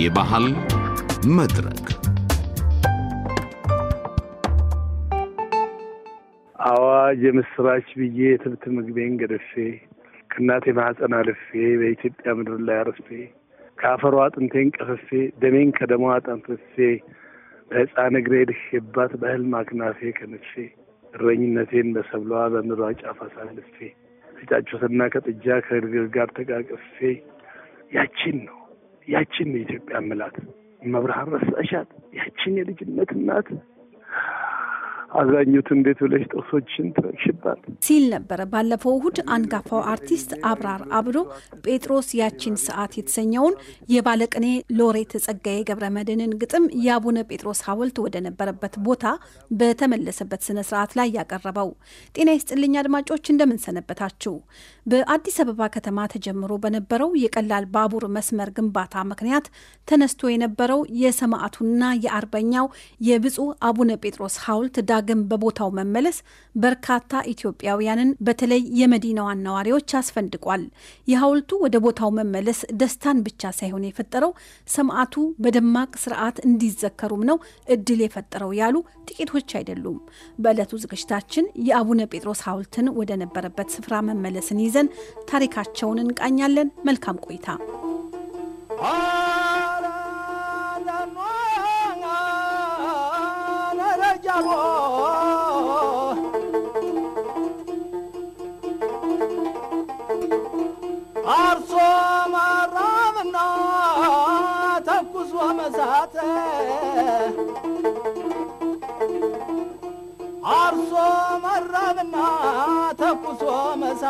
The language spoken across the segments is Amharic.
የባህል መድረክ አዋጅ የምስራች ብዬ ትብት ምግቤን ገደፌ ከእናቴ ማህፀን አልፌ በኢትዮጵያ ምድር ላይ አርፌ ከአፈሯ አጥንቴን ቀፍፌ ደሜን ከደሟ አጠንፍፌ በህፃን እግሬ ድሼባት በሕልም አክናፌ ከንፌ እረኝነቴን በሰብሏ በምድሯ ጫፍ አሳልፌ ከጫጩትና ከጥጃ ከእድግር ጋር ተቃቅፌ ያቺን ነው ያችን የኢትዮጵያ ምላት መብርሃን ረሳሻት? ያችን የልጅነት እናት አብዛኞቱ እንዴት ብለሽ ጥርሶችን ትረግሽባል ሲል ነበረ። ባለፈው እሁድ አንጋፋው አርቲስት አብራር አብዶ ጴጥሮስ ያቺን ሰዓት የተሰኘውን የባለቅኔ ሎሬት ጸጋዬ ገብረ መድህንን ግጥም የአቡነ ጴጥሮስ ሐውልት ወደ ነበረበት ቦታ በተመለሰበት ስነ ስርዓት ላይ ያቀረበው። ጤና ይስጥልኝ አድማጮች፣ እንደምንሰነበታችሁ። በአዲስ አበባ ከተማ ተጀምሮ በነበረው የቀላል ባቡር መስመር ግንባታ ምክንያት ተነስቶ የነበረው የሰማዕቱና የአርበኛው የብፁዕ አቡነ ጴጥሮስ ሐውልት ዳግም በቦታው መመለስ በርካታ ኢትዮጵያውያንን በተለይ የመዲናዋን ነዋሪዎች አስፈንድቋል። የሐውልቱ ወደ ቦታው መመለስ ደስታን ብቻ ሳይሆን የፈጠረው ሰማዕቱ በደማቅ ስርዓት እንዲዘከሩም ነው እድል የፈጠረው ያሉ ጥቂቶች አይደሉም። በዕለቱ ዝግጅታችን የአቡነ ጴጥሮስ ሐውልትን ወደ ነበረበት ስፍራ መመለስን ይዘን ታሪካቸውን እንቃኛለን። መልካም ቆይታ።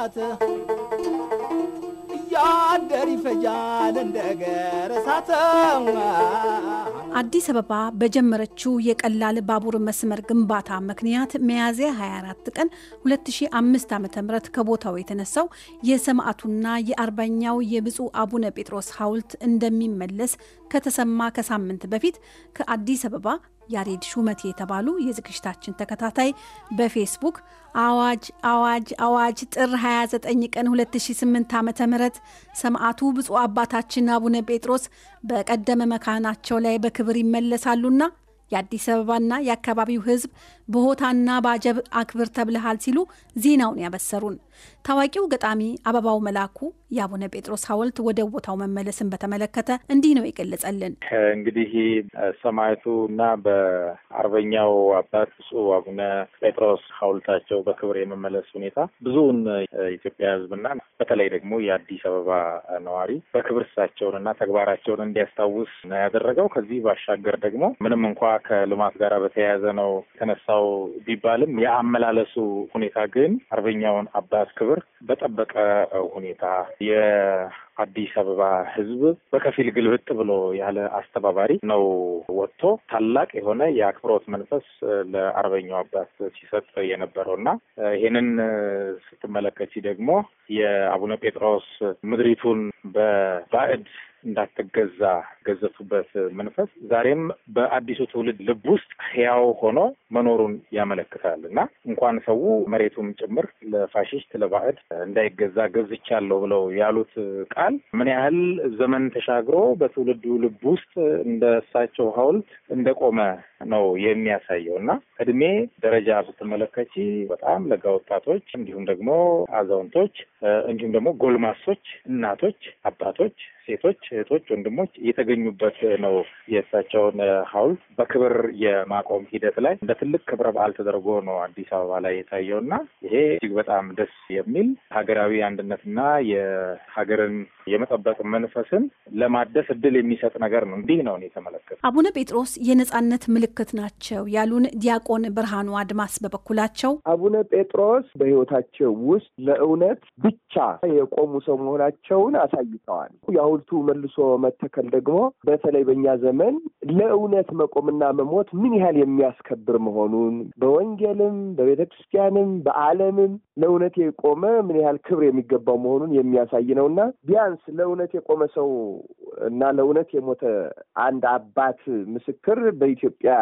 እሳት እያደር ይፈጃል እንደገር እሳት። አዲስ አበባ በጀመረችው የቀላል ባቡር መስመር ግንባታ ምክንያት ሚያዝያ 24 ቀን 2005 ም ከቦታው የተነሳው የሰማዕቱና የአርባኛው የብፁዕ አቡነ ጴጥሮስ ሐውልት እንደሚመለስ ከተሰማ ከሳምንት በፊት ከአዲስ አበባ ያሬድ ሹመቴ የተባሉ የዝግጅታችን ተከታታይ በፌስቡክ አዋጅ አዋጅ አዋጅ ጥር 29 ቀን 2008 ዓ ም ሰማዕቱ ብፁዕ አባታችን አቡነ ጴጥሮስ በቀደመ መካናቸው ላይ በክብር ይመለሳሉና የአዲስ አበባና የአካባቢው ሕዝብ በሆታና በአጀብ አክብር ተብልሃል ሲሉ ዜናውን ያበሰሩን ታዋቂው ገጣሚ አበባው መላኩ የአቡነ ጴጥሮስ ሐውልት ወደ ቦታው መመለስን በተመለከተ እንዲህ ነው የገለጸልን። እንግዲህ ሰማዕቱ እና በአርበኛው አባት ብፁዕ አቡነ ጴጥሮስ ሐውልታቸው በክብር የመመለስ ሁኔታ ብዙውን የኢትዮጵያ ሕዝብና በተለይ ደግሞ የአዲስ አበባ ነዋሪ በክብር እሳቸውን እና ተግባራቸውን እንዲያስታውስ ነው ያደረገው። ከዚህ ባሻገር ደግሞ ምንም እንኳ ከልማት ጋር በተያያዘ ነው የተነሳው ቢባልም የአመላለሱ ሁኔታ ግን አርበኛውን አባት ክብር በጠበቀ ሁኔታ የአዲስ አበባ ህዝብ በከፊል ግልብጥ ብሎ ያለ አስተባባሪ ነው ወጥቶ ታላቅ የሆነ የአክብሮት መንፈስ ለአርበኛው አባት ሲሰጥ የነበረው እና ይሄንን ስትመለከቺ ደግሞ የአቡነ ጴጥሮስ ምድሪቱን በባዕድ እንዳትገዛ ገዘቱበት መንፈስ ዛሬም በአዲሱ ትውልድ ልብ ውስጥ ህያው ሆኖ መኖሩን ያመለክታል እና እንኳን ሰው መሬቱም ጭምር ለፋሽስት ለባዕድ እንዳይገዛ ገዝቻለሁ ብለው ያሉት ቃል ምን ያህል ዘመን ተሻግሮ በትውልዱ ልብ ውስጥ እንደ እሳቸው ሐውልት እንደቆመ ነው የሚያሳየው እና እድሜ ደረጃ ብትመለከች በጣም ለጋ ወጣቶች፣ እንዲሁም ደግሞ አዛውንቶች፣ እንዲሁም ደግሞ ጎልማሶች፣ እናቶች፣ አባቶች ሴቶች፣ እህቶች፣ ወንድሞች የተገኙበት ነው። የእሳቸውን ሐውልት በክብር የማቆም ሂደት ላይ እንደ ትልቅ ክብረ በዓል ተደርጎ ነው አዲስ አበባ ላይ የታየው እና ይሄ እጅግ በጣም ደስ የሚል ሀገራዊ አንድነትና የሀገርን የመጠበቅ መንፈስን ለማደስ እድል የሚሰጥ ነገር ነው። እንዲህ ነው የተመለከት አቡነ ጴጥሮስ የነጻነት ምልክት ናቸው ያሉን ዲያቆን ብርሃኑ አድማስ በበኩላቸው አቡነ ጴጥሮስ በሕይወታቸው ውስጥ ለእውነት ብቻ የቆሙ ሰው መሆናቸውን አሳይተዋል። ሐውልቱ መልሶ መተከል ደግሞ በተለይ በእኛ ዘመን ለእውነት መቆምና መሞት ምን ያህል የሚያስከብር መሆኑን በወንጌልም በቤተ ክርስቲያንም በዓለምም ለእውነት የቆመ ምን ያህል ክብር የሚገባው መሆኑን የሚያሳይ ነው እና ቢያንስ ለእውነት የቆመ ሰው እና ለእውነት የሞተ አንድ አባት ምስክር በኢትዮጵያ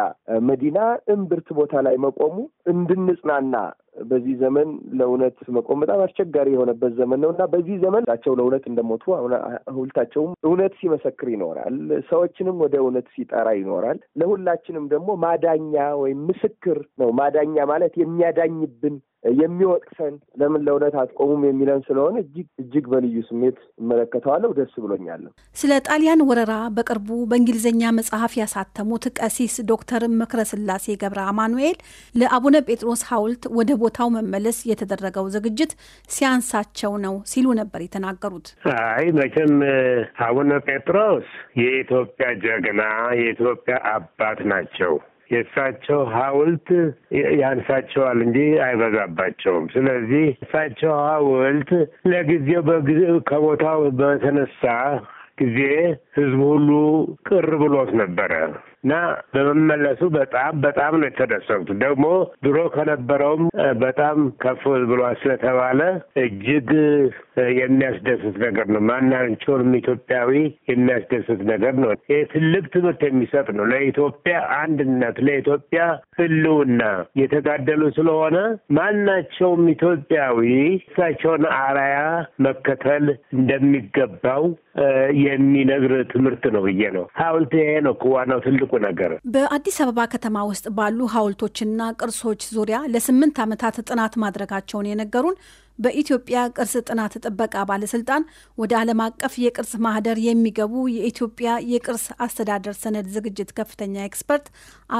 መዲና እምብርት ቦታ ላይ መቆሙ እንድንጽናና በዚህ ዘመን ለእውነት መቆም በጣም አስቸጋሪ የሆነበት ዘመን ነው እና በዚህ ዘመን ቸው ለእውነት እንደሞቱ ሁልታቸውም እውነት ሲመሰክር ይኖራል። ሰዎችንም ወደ እውነት ሲጠራ ይኖራል። ለሁላችንም ደግሞ ማዳኛ ወይም ምስክር ነው። ማዳኛ ማለት የሚያዳኝብን የሚወቅሰን ለምን ለእውነት አትቆሙም የሚለን ስለሆነ እጅግ እጅግ በልዩ ስሜት እመለከተዋለሁ። ደስ ብሎኛለሁ። ስለ ጣሊያን ወረራ በቅርቡ በእንግሊዝኛ መጽሐፍ ያሳተሙት ቀሲስ ዶክተር ምክረ ስላሴ ገብረ አማኑኤል ለአቡነ ጴጥሮስ ሐውልት ወደ ቦታው መመለስ የተደረገው ዝግጅት ሲያንሳቸው ነው ሲሉ ነበር የተናገሩት። አይ መቼም አቡነ ጴጥሮስ የኢትዮጵያ ጀግና የኢትዮጵያ አባት ናቸው። የእሳቸው ሐውልት ያንሳቸዋል እንጂ አይበዛባቸውም። ስለዚህ እሳቸው ሐውልት ለጊዜው ከቦታው በተነሳ ጊዜ ህዝብ ሁሉ ቅር ብሎት ነበረ። እና በመመለሱ በጣም በጣም ነው የተደሰቱት። ደግሞ ድሮ ከነበረውም በጣም ከፍ ብሎ ስለተባለ እጅግ የሚያስደስት ነገር ነው። ማናቸውንም ኢትዮጵያዊ የሚያስደስት ነገር ነው። ይህ ትልቅ ትምህርት የሚሰጥ ነው። ለኢትዮጵያ አንድነት፣ ለኢትዮጵያ ህልውና የተጋደሉ ስለሆነ ማናቸውም ኢትዮጵያዊ እሳቸውን አራያ መከተል እንደሚገባው የሚነግር ትምህርት ነው ብዬ ነው ሀውልት ይሄ ነው ዋናው ትልቁ ትልቁ ነገር። በአዲስ አበባ ከተማ ውስጥ ባሉ ሀውልቶችና ቅርሶች ዙሪያ ለስምንት ዓመታት ጥናት ማድረጋቸውን የነገሩን በኢትዮጵያ ቅርስ ጥናት ጥበቃ ባለስልጣን ወደ ዓለም አቀፍ የቅርስ ማህደር የሚገቡ የኢትዮጵያ የቅርስ አስተዳደር ሰነድ ዝግጅት ከፍተኛ ኤክስፐርት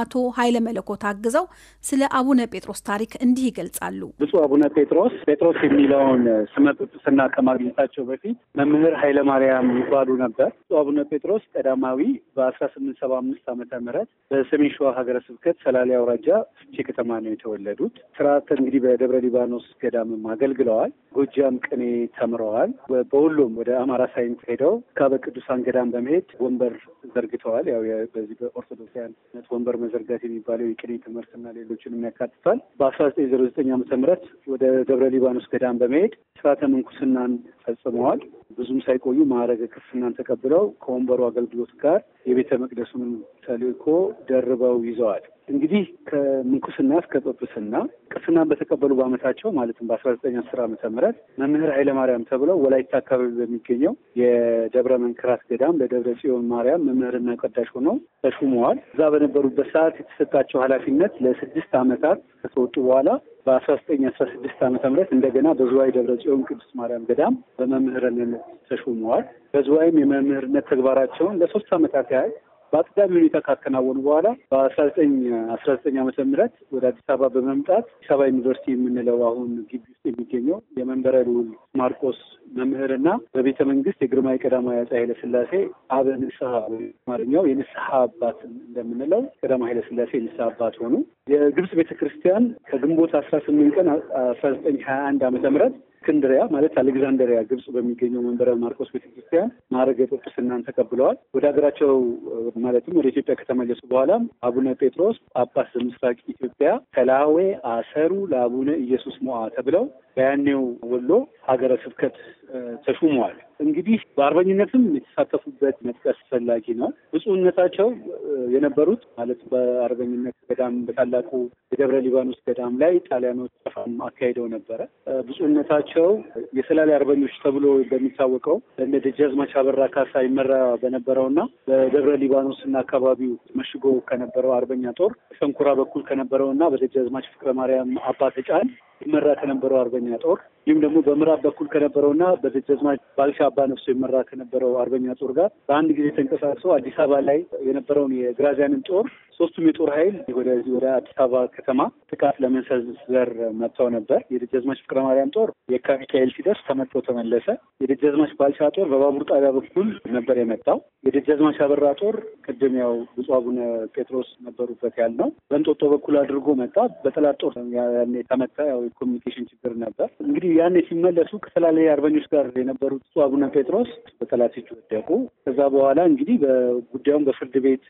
አቶ ኃይለ መለኮት አግዘው ስለ አቡነ ጴጥሮስ ታሪክ እንዲህ ይገልጻሉ። ብፁዕ አቡነ ጴጥሮስ ጴጥሮስ የሚለውን ስመ ጵጵስና ከማግኘታቸው በፊት መምህር ኃይለ ማርያም ይባሉ ነበር። ብፁዕ አቡነ ጴጥሮስ ቀዳማዊ በአስራ ስምንት ሰባ አምስት ዓመተ ምህረት በሰሜን ሸዋ ሀገረ ስብከት ሰላሌ አውራጃ ፍቼ ከተማ ነው የተወለዱት። ስርዓተ እንግዲህ በደብረ ሊባኖስ ገዳምም አገልግ አገልግለዋል። ጎጃም ቅኔ ተምረዋል። በሁሉም ወደ አማራ ሳይንስ ሄደው ካበ ቅዱሳን ገዳም በመሄድ ወንበር ዘርግተዋል። ያው በዚህ በኦርቶዶክሳዊነት ወንበር መዘርጋት የሚባለው የቅኔ ትምህርትና ሌሎችንም ያካትታል። በአስራ ዘጠኝ ዘሮ ዘጠኝ ዓመተ ምህረት ወደ ደብረ ሊባኖስ ገዳም በመሄድ ስርዓተ ምንኩስናን ፈጽመዋል። ብዙም ሳይቆዩ ማዕረገ ቅስናን ተቀብለው ከወንበሩ አገልግሎት ጋር የቤተ መቅደሱን ተልእኮ ደርበው ይዘዋል። እንግዲህ ከምንኩስና እስከ ጵጵስና ቅስናን በተቀበሉ በዓመታቸው ማለትም በአስራ ዘጠኝ አስር አመተ ምህረት መምህር ማርያም ተብለው ወላይታ አካባቢ በሚገኘው የደብረ መንክራት ገዳም ለደብረ ጽዮን ማርያም መምህርና ቀዳሽ ሆነው ተሹመዋል። እዛ በነበሩበት ሰዓት የተሰጣቸው ኃላፊነት ለስድስት ዓመታት ከተወጡ በኋላ በአስራ ዘጠኝ አስራ ስድስት ዓመተ ምህረት እንደገና በዝዋይ ደብረ ጽዮን ቅዱስ ማርያም ገዳም በመምህርነት ተሾመዋል። በዝዋይም የመምህርነት ተግባራቸውን ለሶስት ዓመታት ያህል በአጥጋቢ ሁኔታ ካከናወኑ በኋላ በአስራ ዘጠኝ አስራ ዘጠኝ ዓመተ ምህረት ወደ አዲስ አበባ በመምጣት አዲስ አበባ ዩኒቨርሲቲ የምንለው አሁን ግቢ ውስጥ የሚገኘው የመንበረ ልዑል ማርቆስ መምህርና በቤተ መንግስት የግርማዊ ቀዳማዊ አፄ ኃይለ ስላሴ አበ ንስሐ ማለኛው የንስሐ አባት እንደምንለው ቀዳማዊ ኃይለ ስላሴ የንስሐ አባት ሆኑ። የግብጽ ቤተ ክርስቲያን ከግንቦት አስራ ስምንት ቀን አስራ ዘጠኝ ሀያ አንድ ዓመተ ምህረት እስክንድሪያ ማለት አሌግዛንደሪያ ግብጽ በሚገኘው መንበረ ማርቆስ ቤተክርስቲያን ማዕረገ ጵጵስናን ተቀብለዋል። ወደ ሀገራቸው ማለትም ወደ ኢትዮጵያ ከተመለሱ በኋላ አቡነ ጴጥሮስ ጳጳስ ምስራቅ ኢትዮጵያ ከላዌ አሰሩ ለአቡነ ኢየሱስ ሞዓ ተብለው በያኔው ወሎ ሀገረ ስብከት ተሹመዋል። እንግዲህ በአርበኝነትም የተሳተፉበት መጥቀስ ፈላጊ ነው። ብፁዕነታቸው የነበሩት ማለት በአርበኝነት ገዳም በታላቁ የደብረ ሊባኖስ ገዳም ላይ ጣሊያኖች ጠፋም አካሂደው ነበረ። ብፁዕነታቸው የሰላሌ አርበኞች ተብሎ በሚታወቀው እንደ ደጃዝማች አበራ ካሳ ይመራ በነበረውና በደብረ ሊባኖስ እና አካባቢው መሽጎ ከነበረው አርበኛ ጦር በሸንኮራ በኩል ከነበረውና በደጃዝማች ፍቅረ ማርያም አባ ተጫን ይመራ ከነበረው አርበኛ ጦር እንዲሁም ደግሞ በምዕራብ በኩል ከነበረው ከነበረውና በደጃዝማች ባልሻ አባ ነፍሶ ይመራ ከነበረው አርበኛ ጦር ጋር በአንድ ጊዜ ተንቀሳቅሶ አዲስ አበባ ላይ የነበረውን የግራዚያንን ጦር ሶስቱም የጦር ኃይል ወደዚህ ወደ አዲስ አበባ ከተማ ጥቃት ለመሰንዘር መጥተው ነበር። የደጃዝማች ፍቅረ ማርያም ጦር የካ ሚካኤል ሲደርስ ተመቶ ተመለሰ። የደጃዝማች ባልሻ ጦር በባቡር ጣቢያ በኩል ነበር የመጣው። የደጃዝማች አበራ ጦር ቅድም ያው ብፁዕ አቡነ ጴጥሮስ ነበሩበት ያልነው በእንጦጦ በኩል አድርጎ መጣ። በጠላት ጦር ያኔ ተመታ። ያው ኮሚኒኬሽን ችግር ነበር። እንግዲህ ያኔ ሲመለሱ ከተላላይ አርበኞች ጋር የነበሩት ብፁዕ አቡነ ጴጥሮስ በጠላቶች ወደቁ። ከዛ በኋላ እንግዲህ በጉዳዩን በፍርድ ቤት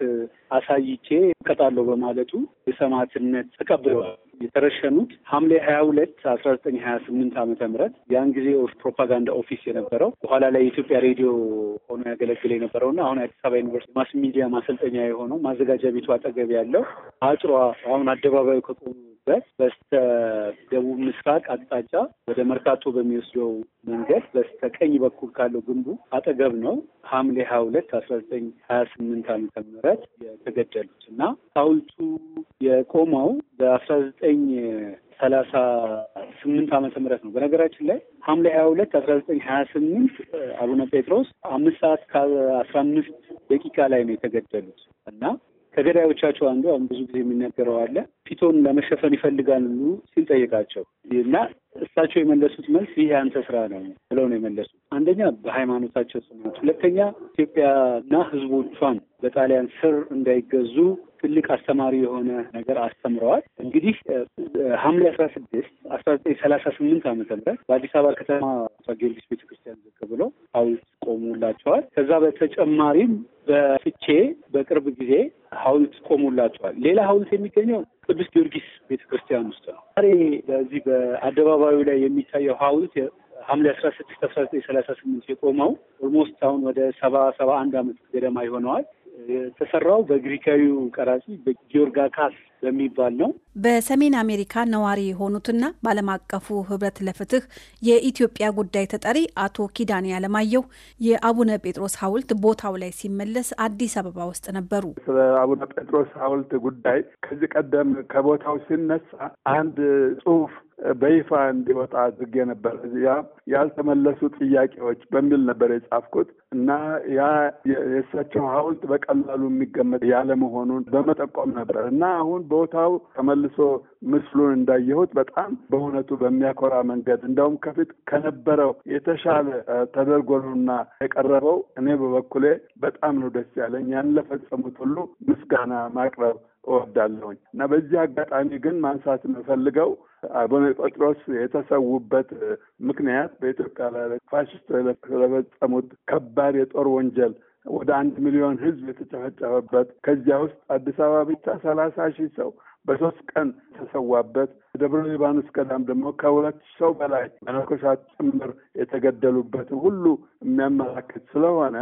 አሳይቼ እቀጣለሁ በማለቱ የሰማዕትነት ተቀብለዋል። የተረሸኑት ሐምሌ ሀያ ሁለት አስራ ዘጠኝ ሀያ ስምንት ዓመተ ምህረት ያን ጊዜ ፕሮፓጋንዳ ኦፊስ የነበረው በኋላ ላይ የኢትዮጵያ ሬዲዮ ሆኖ ያገለግል የነበረውና አሁን የአዲስ አበባ ዩኒቨርሲቲ ማስ ሚዲያ ማሰልጠኛ የሆነው ማዘጋጃ ቤቱ አጠገብ ያለው አጥሯ አሁን አደባባዩ ከቆሙ ባሉበት በስተ ደቡብ ምስራቅ አቅጣጫ ወደ መርካቶ በሚወስደው መንገድ በስተቀኝ በኩል ካለው ግንቡ አጠገብ ነው ሐምሌ ሀያ ሁለት አስራ ዘጠኝ ሀያ ስምንት አመተ ምህረት የተገደሉት እና ሐውልቱ የቆመው በአስራ ዘጠኝ ሰላሳ ስምንት አመተ ምህረት ነው። በነገራችን ላይ ሐምሌ ሀያ ሁለት አስራ ዘጠኝ ሀያ ስምንት አቡነ ጴጥሮስ አምስት ሰዓት ከአስራ አምስት ደቂቃ ላይ ነው የተገደሉት እና ከገዳዮቻቸው አንዱ አሁን ብዙ ጊዜ የሚነገረው አለ ፊቶን ለመሸፈን ይፈልጋሉ ሲል ጠይቃቸው እና እሳቸው የመለሱት መልስ ይህ አንተ ስራ ነው ብለው ነው የመለሱት። አንደኛ በሃይማኖታቸው ጽናት፣ ሁለተኛ ኢትዮጵያና ህዝቦቿን በጣሊያን ስር እንዳይገዙ ትልቅ አስተማሪ የሆነ ነገር አስተምረዋል። እንግዲህ ሐምሌ አስራ ስድስት አስራ ዘጠኝ ሰላሳ ስምንት ዓመተ ምህረት በአዲስ አበባ ከተማ ጊዮርጊስ ቤተክርስቲያን ዝቅ ብሎ ሐውልት ቆሙላቸዋል። ከዛ በተጨማሪም በፍቼ በቅርብ ጊዜ ሐውልት ቆሙላቸዋል። ሌላ ሐውልት የሚገኘው ቅዱስ ጊዮርጊስ ቤተክርስቲያን ውስጥ ነው። ዛሬ በዚህ በአደባባዩ ላይ የሚታየው ሐውልት ሐምሌ አስራ ስድስት አስራ ዘጠኝ ሰላሳ ስምንት የቆመው ኦልሞስት አሁን ወደ ሰባ ሰባ አንድ ዓመት ገደማ ይሆነዋል። የተሰራው በግሪካዊው ቀራጺ በጊዮርጋ ካስ በሚባል ነው። በሰሜን አሜሪካ ነዋሪ የሆኑትና በዓለም አቀፉ ህብረት ለፍትህ የኢትዮጵያ ጉዳይ ተጠሪ አቶ ኪዳኔ አለማየሁ የአቡነ ጴጥሮስ ሐውልት ቦታው ላይ ሲመለስ አዲስ አበባ ውስጥ ነበሩ። ስለ አቡነ ጴጥሮስ ሐውልት ጉዳይ ከዚህ ቀደም ከቦታው ሲነሳ አንድ ጽሁፍ በይፋ እንዲወጣ አድርጌ ነበር። ያ ያልተመለሱ ጥያቄዎች በሚል ነበር የጻፍኩት እና ያ የእሳቸው ሐውልት በቀላሉ የሚገመት ያለመሆኑን በመጠቆም ነበር እና አሁን ቦታው ተመልሶ ምስሉን እንዳየሁት በጣም በእውነቱ በሚያኮራ መንገድ እንደውም ከፊት ከነበረው የተሻለ ተደርጎ ነውና የቀረበው። እኔ በበኩሌ በጣም ነው ደስ ያለኝ። ያን ለፈጸሙት ሁሉ ምስጋና ማቅረብ እወዳለሁኝ እና በዚህ አጋጣሚ ግን ማንሳት የምፈልገው አቡነ ጴጥሮስ የተሰዉበት ምክንያት በኢትዮጵያ ላይ ፋሽስት ለፈጸሙት ከባድ የጦር ወንጀል ወደ አንድ ሚሊዮን ህዝብ የተጨፈጨፈበት ከዚያ ውስጥ አዲስ አበባ ብቻ ሰላሳ ሺህ ሰው በሶስት ቀን ተሰዋበት ደብረ ሊባኖስ ቀዳም ደግሞ ከሁለት ሰው በላይ መነኮሳት ጭምር የተገደሉበትን ሁሉ የሚያመላክት ስለሆነ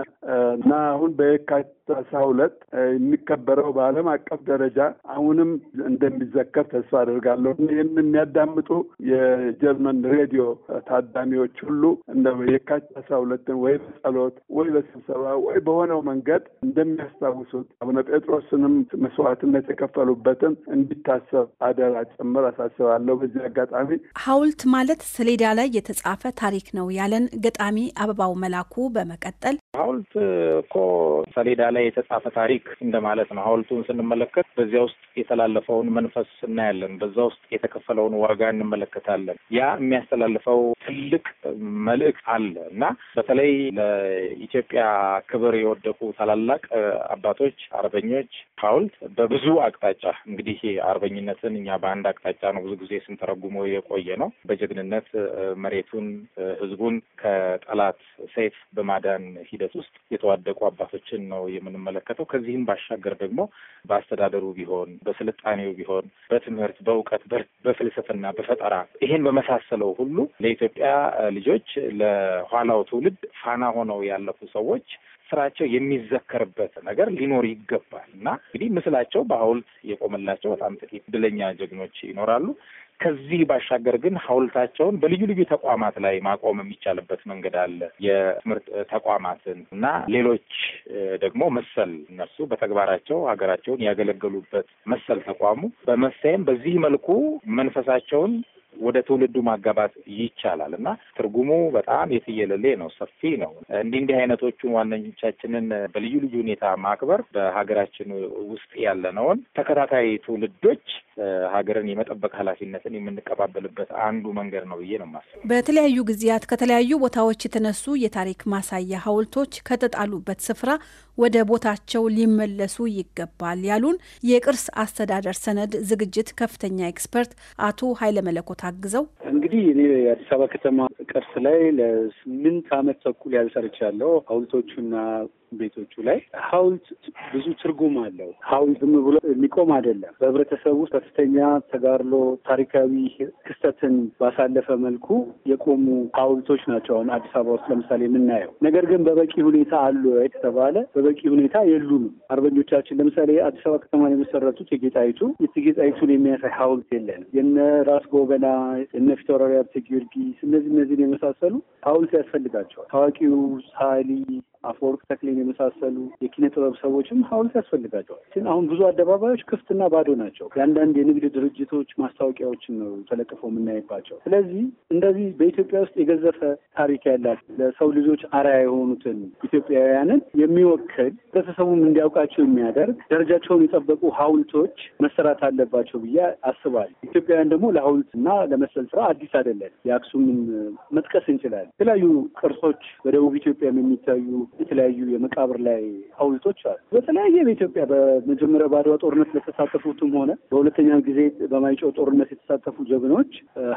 እና አሁን በየካቲት አስራ ሁለት የሚከበረው በዓለም አቀፍ ደረጃ አሁንም እንደሚዘከር ተስፋ አደርጋለሁ። ይህን የሚያዳምጡ የጀርመን ሬዲዮ ታዳሚዎች ሁሉ እንደ የካቲት አስራ ሁለትን ወይ በጸሎት ወይ በስብሰባ ወይ በሆነው መንገድ እንደሚያስታውሱት አቡነ ጴጥሮስንም መስዋዕትነት የከፈሉበትን እንዲታሰብ አደራ ጭምር አሳስ አስባለሁ። በዚህ አጋጣሚ ሐውልት ማለት ሰሌዳ ላይ የተጻፈ ታሪክ ነው ያለን ገጣሚ አበባው መላኩ በመቀጠል ሐውልት እኮ ሰሌዳ ላይ የተጻፈ ታሪክ እንደማለት ነው። ሐውልቱን ስንመለከት በዚያ ውስጥ የተላለፈውን መንፈስ እናያለን። በዛ ውስጥ የተከፈለውን ዋጋ እንመለከታለን። ያ የሚያስተላልፈው ትልቅ መልእክት አለ እና በተለይ ለኢትዮጵያ ክብር የወደቁ ታላላቅ አባቶች፣ አርበኞች ሐውልት በብዙ አቅጣጫ እንግዲህ አርበኝነትን እኛ በአንድ አቅጣጫ ነው ብዙ ጊዜ ስንተረጉሞ የቆየ ነው። በጀግንነት መሬቱን፣ ህዝቡን ከጠላት ሰይፍ በማዳን ሂደት ውስጥ የተዋደቁ አባቶችን ነው የምንመለከተው። ከዚህም ባሻገር ደግሞ በአስተዳደሩ ቢሆን፣ በስልጣኔው ቢሆን፣ በትምህርት፣ በእውቀት፣ በፍልስፍና፣ በፈጠራ ይሄን በመሳሰለው ሁሉ ለኢትዮጵያ ልጆች ለኋላው ትውልድ ፋና ሆነው ያለፉ ሰዎች ስራቸው የሚዘከርበት ነገር ሊኖር ይገባል እና እንግዲህ ምስላቸው በሐውልት የቆመላቸው በጣም ጥቂት ድለኛ ጀግኖች ይኖራሉ። ከዚህ ባሻገር ግን ሐውልታቸውን በልዩ ልዩ ተቋማት ላይ ማቆም የሚቻልበት መንገድ አለ። የትምህርት ተቋማትን እና ሌሎች ደግሞ መሰል እነሱ በተግባራቸው ሀገራቸውን ያገለገሉበት መሰል ተቋሙ በመሳየም በዚህ መልኩ መንፈሳቸውን ወደ ትውልዱ ማጋባት ይቻላል እና ትርጉሙ በጣም የትየለሌ ነው፣ ሰፊ ነው። እንዲህ እንዲህ አይነቶቹን ዋነኞቻችንን በልዩ ልዩ ሁኔታ ማክበር በሀገራችን ውስጥ ያለነውን ተከታታይ ትውልዶች ሀገርን የመጠበቅ ኃላፊነትን የምንቀባበልበት አንዱ መንገድ ነው ብዬ ነው የማስበው። በተለያዩ ጊዜያት ከተለያዩ ቦታዎች የተነሱ የታሪክ ማሳያ ሀውልቶች ከተጣሉበት ስፍራ ወደ ቦታቸው ሊመለሱ ይገባል ያሉን የቅርስ አስተዳደር ሰነድ ዝግጅት ከፍተኛ ኤክስፐርት አቶ ኃይለ መለኮት አግዘው እንግዲህ እኔ የአዲስ አበባ ከተማ ቅርስ ላይ ለስምንት ዓመት ተኩል ያህል ሰርቻለሁ። ሐውልቶቹና ቤቶቹ ላይ ሀውልት ብዙ ትርጉም አለው። ሀውልት ዝም ብሎ የሚቆም አይደለም። በህብረተሰቡ ከፍተኛ ተጋድሎ፣ ታሪካዊ ክስተትን ባሳለፈ መልኩ የቆሙ ሀውልቶች ናቸው። አሁን አዲስ አበባ ውስጥ ለምሳሌ የምናየው ነገር ግን በበቂ ሁኔታ አሉ የተባለ በበቂ ሁኔታ የሉም። አርበኞቻችን ለምሳሌ አዲስ አበባ ከተማ የመሰረቱት የጌጣይቱ የጌጣይቱን የሚያሳይ ሀውልት የለንም። የነ ራስ ጎበና፣ የነ ፊታውራሪ ሀብተ ጊዮርጊስ እነዚህ እነዚህን የመሳሰሉ ሀውልት ያስፈልጋቸዋል። ታዋቂው ሳሊ አፈወርቅ ተክሌን የመሳሰሉ የኪነ ጥበብ ሰዎችም ሀውልት ያስፈልጋቸዋል። ግን አሁን ብዙ አደባባዮች ክፍትና ባዶ ናቸው። የአንዳንድ የንግድ ድርጅቶች ማስታወቂያዎችን ነው ተለጥፈው የምናይባቸው። ስለዚህ እንደዚህ በኢትዮጵያ ውስጥ የገዘፈ ታሪክ ያላት ለሰው ልጆች አርያ የሆኑትን ኢትዮጵያውያንን የሚወክል ህብረተሰቡም እንዲያውቃቸው የሚያደርግ ደረጃቸውን የጠበቁ ሀውልቶች መሰራት አለባቸው ብዬ አስባለሁ። ኢትዮጵያውያን ደግሞ ለሀውልትና ለመሰል ስራ አዲስ አይደለም። የአክሱምን መጥቀስ እንችላለን። የተለያዩ ቅርሶች በደቡብ ኢትዮጵያም የሚታዩ የተለያዩ የመቃብር ላይ ሐውልቶች አሉ። በተለያየ በኢትዮጵያ በመጀመሪያ በአድዋ ጦርነት ለተሳተፉትም ሆነ በሁለተኛ ጊዜ በማይጨው ጦርነት የተሳተፉ ጀግኖች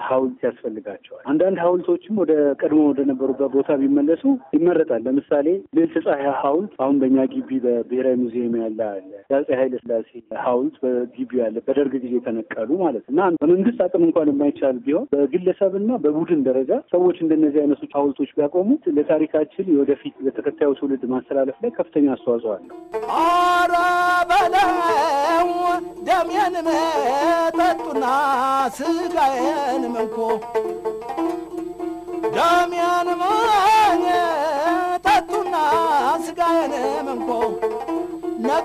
ሐውልት ያስፈልጋቸዋል። አንዳንድ ሐውልቶችም ወደ ቀድሞ ወደነበሩበት ቦታ ቢመለሱ ይመረጣል። ለምሳሌ ልዕልት ፀሐይ ሐውልት አሁን በእኛ ግቢ በብሔራዊ ሙዚየም ያለ አለ። የአፄ ኃይለ ስላሴ ሐውልት በግቢ ያለ በደርግ ጊዜ የተነቀሉ ማለት እና በመንግስት አቅም እንኳን የማይቻል ቢሆን በግለሰብና በቡድን ደረጃ ሰዎች እንደነዚህ አይነቶች ሐውልቶች ቢያቆሙት ለታሪካችን የወደፊት ለተከታ ለተከታዩ ትውልድ ማስተላለፍ ላይ ከፍተኛ አስተዋጽኦ አለው። ኧረ በለው ደሜን መጠጡና ስጋዬን ምንኮ ደሜን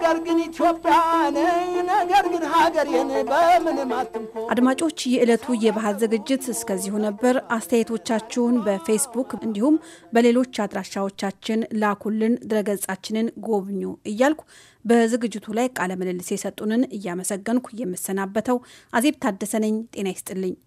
ነገር ግን ነገር ግን ሀገሬን በምንም አትንኮ። አድማጮች፣ የዕለቱ የባህል ዝግጅት እስከዚሁ ነበር። አስተያየቶቻችሁን በፌስቡክ እንዲሁም በሌሎች አድራሻዎቻችን ላኩልን፣ ድረገጻችንን ጎብኙ እያልኩ በዝግጅቱ ላይ ቃለ ምልልስ የሰጡንን እያመሰገንኩ የምሰናበተው አዜብ ታደሰ ነኝ። ጤና ይስጥልኝ።